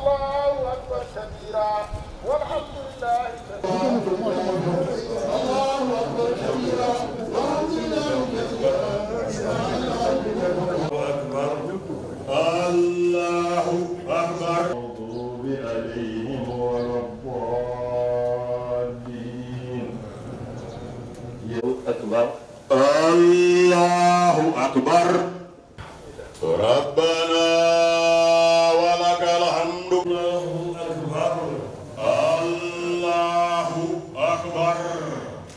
الله أكبر كبيرا والحمد الله الله أكبر أكبر الله أكبر ربنا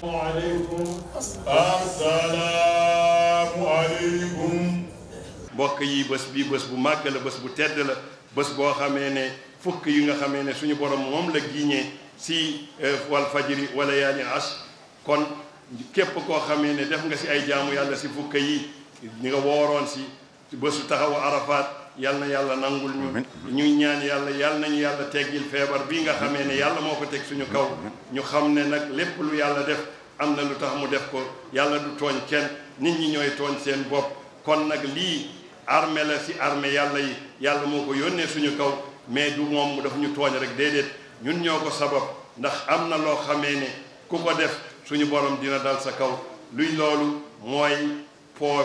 maaleykum assalaamu aleykum mbokk yi bés bii bés bu màgg la bës bu tedd la bés boo xamee ne fukk yi nga xamee ne suñu borom moom la giñee si euh, wal fajiri wala yaa ni as kon képp koo xamee ne def nga si ay jaamu yàlla si fukk yi nga wooroon si bésu taxawu arafaat yal na yàlla nangul ñu ñuy ñaan yàlla yal nañu yàlla teggil feebar bii nga xamee ne yàlla moo ko teg suñu kaw ñu xam ne nag lépp lu yàlla def am na lu tax mu def ko yàlla du tooñ kenn nit ñi ñooy tooñ seen bopp kon nag lii armée la si armée yàlla yi yàlla moo ko yónnee suñu kaw mais du moom mu daf ñu tooñ rek déedéet ñun ñoo ko sabab ndax am na loo xamee ne ku ko def suñu borom dina dal sa kaw luy loolu mooy po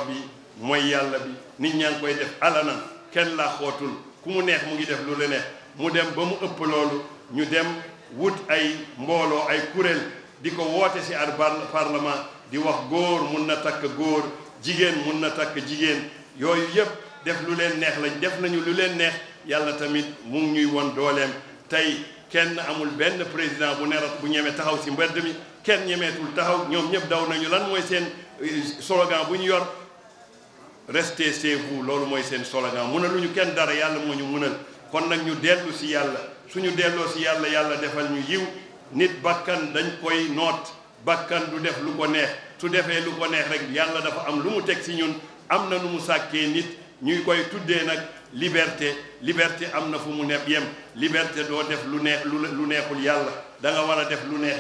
mooy yàlla bi nit ñaa ngi koy def alanan kenn laa xootul ku mu neex mu ngi def lu la neex mu dem ba mu ëpp loolu ñu dem wut ay mbooloo ay kuréel di ko woote si ar parlement di wax góor mun na takk góor jigéen mun na takk jigéen yooyu yëpp def lu leen neex la def nañu lu leen neex yàlla tamit mu ñuy won dooleem tey kenn amul benn président bu nerat bu ñeme taxaw si mbedd mi kenn ñemeetul taxaw ñoom ñëpp daw nañu lan mooy seen euh, slogan bu ñu yor restez chez vous loolu mooy seen slogan ñu kenn dara yalla nous. ñu kon nak ñu si yalla suñu delloo ci yalla yalla defal ñu yiw nit bakkan dañ koy note bakkan du def lu ko neex su lu ko neex rek dafa am lu mu tek ñun am nu mu sàkkee nit ñuy koy tuddé liberté liberté am fu mu nepp yem liberté do def lu neex lu neexul yalla da nga def lu neex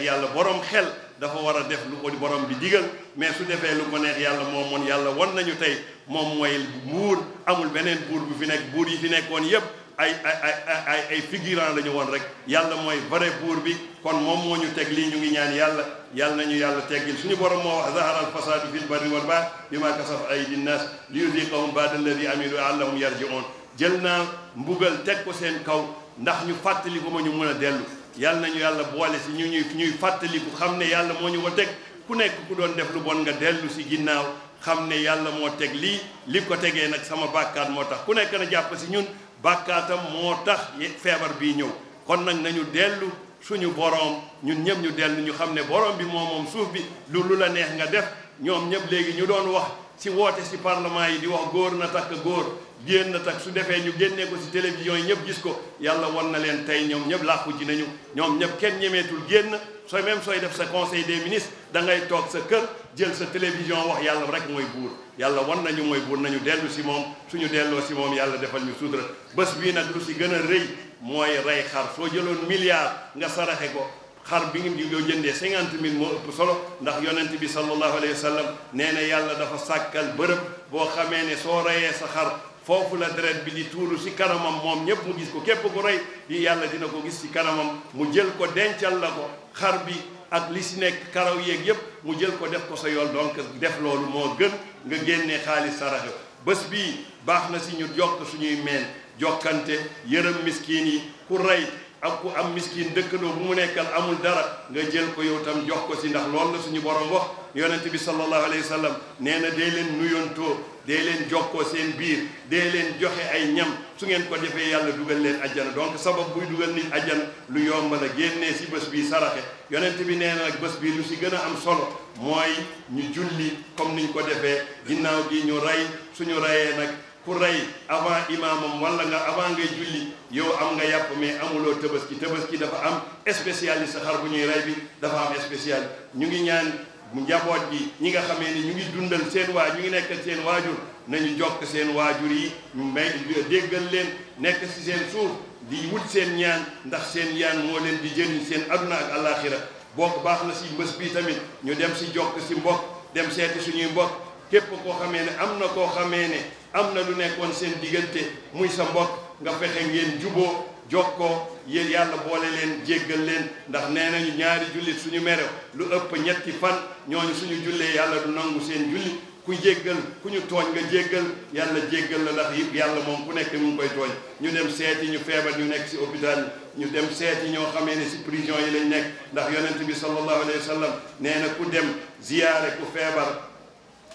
dafa war a def lu ko borom bi digal mais su defee lu ko neex yàlla moom moon yàlla won nañu tey moom mooy buur amul beneen buur bu fi nekk buur yi fi nekkoon yépp ay ay ay ay figurant la ñu woon rek yàlla mooy vrai buur bi kon moom moo ñu teg lii ñu ngi ñaan yàlla yàlla nañu yàlla teggil suñu borom moo wax zahara al alfasadu fil barri wal bahr bima kasaf aydi nnas li yudiqahum ba'da alladi amilu allahum yarji'un jël naa mbugal teg ko seen kaw ndax ñu fàttali ko ma ñu mën a dellu yàlla nañu yàlla boole si ñu ñuy ñuy fàttaliku xam ne yàlla moo ñu ko teg ku nekk ku doon def lu bon nga dellu si ginnaaw xam ne yàlla moo teg lii li ko tegee nag sama bàkkaat moo tax ku nekk na jàpp si ñun bàkkaatam moo tax feebar bii ñëw kon nag nañu dellu suñu boroom ñun ñëpp ñu dellu ñu xam ne boroom bi moom moom suuf bi lu la neex nga def ñoom ñëpp léegi ñu doon wax si woote si parlement yi di wax góor na takk góor jigéen na takk su defee ñu génnee ko si télévision yi ñëpp gis ko yàlla won na leen tey ñoom ñëpp làqu ji nañu ñoom ñëpp kenn ñemeetul génn sooy même sooy def sa conseil des ministres da toog sa kër jël sa télévision wax yàlla rek mooy buur yàlla war nañu mooy buur nañu dellu si moom suñu delloo si moom yàlla defal ñu sutura bés bii nag lu si gën a rëy mooy rey xar soo jëloon milliard nga saraxe ko xar bi ngeen yoo jëndee cinquante mille moo ëpp solo ndax yonent bi sallallahu alayhi wa sallam nee na yàlla dafa sàkkal bërëb boo xamee ne soo reyee sa xar foofu la deret bi di tuuru ci kanamam moom ñépp mu gis ko képp ku rey di yàlla dina ko gis ci kanamam mu jël ko dencal la ko xar bi ak li si nekk karaw yeeg yépp mu jël ko def ko sa yool donc def loolu moo gën nga génnee xaalis saraxe bés bii baax na ci ñu jokk suñuy meen jokkante yërëm miskiin yi ku rey ak ku am miskin dëkkandoo bu mu nekkal amul dara nga jël ko yow tam jox ko si ndax loolu na suñu borom wax yonent bi sallallahu alayhi wa nee na dee leen nuyontoo dee leen jokkoo seen biir dee leen joxe ay ñam su ngeen ko defee yàlla dugal leen ajjana donc sabab buy dugal nit ajjana lu yomb la génnee si bés bii saraxe yonent bi nee na nag bés bii lu si gën a am solo mooy ñu julli comme niñ ko defee ginnaaw gi ñu rey suñu reyee nag ku rey avant imaamam wala nga avant ngay julli yow am nga yàpp mais amuloo tabaski tabaski dafa am spécialiste xar bu ñuy rey bi dafa am spécial ñu ngi ñaan mu njaboot gi ñi nga xamee ni ñu ngi dundal seen waa ñu ngi nekkal seen waajur nañu jokk seen waajur yi may déggal leen nekk si seen suuf di wut seen ñaan ndax seen ñaan moo leen di jëriñ seen aduna ak àllaaxira bokk baax na si mbës bi tamit ñu dem si jokk si mbokk dem seetu suñuy mbokk képp koo xamee ne am na koo xamee ne am na lu nekkoon seen diggante muy sa mbokk nga fexe ngeen juboo jokkoo yéen yàlla boole leen jéggal leen ndax nee nañu ñaari jullit suñu mere lu ëpp ñetti fan ñooñu suñu jullee yàlla du nangu seen julli ku jéggal ku ñu tooñ nga jéggal yàlla jéggal la ndax yi yàlla moom ku nekk mu ngi koy tooñ ñu dem seeti ñu feebar ñu nekk si hôpital ñu dem seeti ñoo xamee ne si prison yi lañ nekk ndax yonent bi sallallahu alayhi wa sallam nee na ku dem ziyaare ku feebar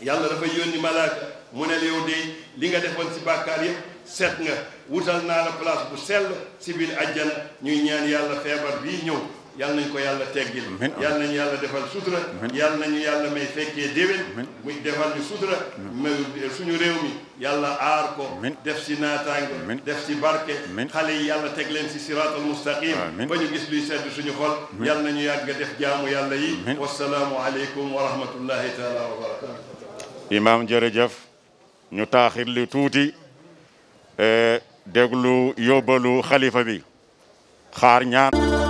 yàlla dafa yónni malaaka mu ne la yow de li nga defoon si bàkkaar yëpp set nga wutal naa la place bu sell si biir àjjana ñuy ñaan yàlla feebar bii ñëw yàlla nañ ko yàlla teggil yàlla nañu yàlla defal sutura yàlla nañu yàlla may fekkee déwén muy defal ñu sutura ma suñu réew mi yàlla aar ko def si naataange def si barke xale yi yàlla teg leen si siraatal mustaqim ba ñu gis luy sedd suñu xol yàlla nañu yàgg def jaamu yàlla yi wasalaamu aleykum wa rahmatullahi taala wa barakatu imaam jërëjëf ñu taaxir li tuuti eh, déglu yóbbalu xalifa bi xaar ñaan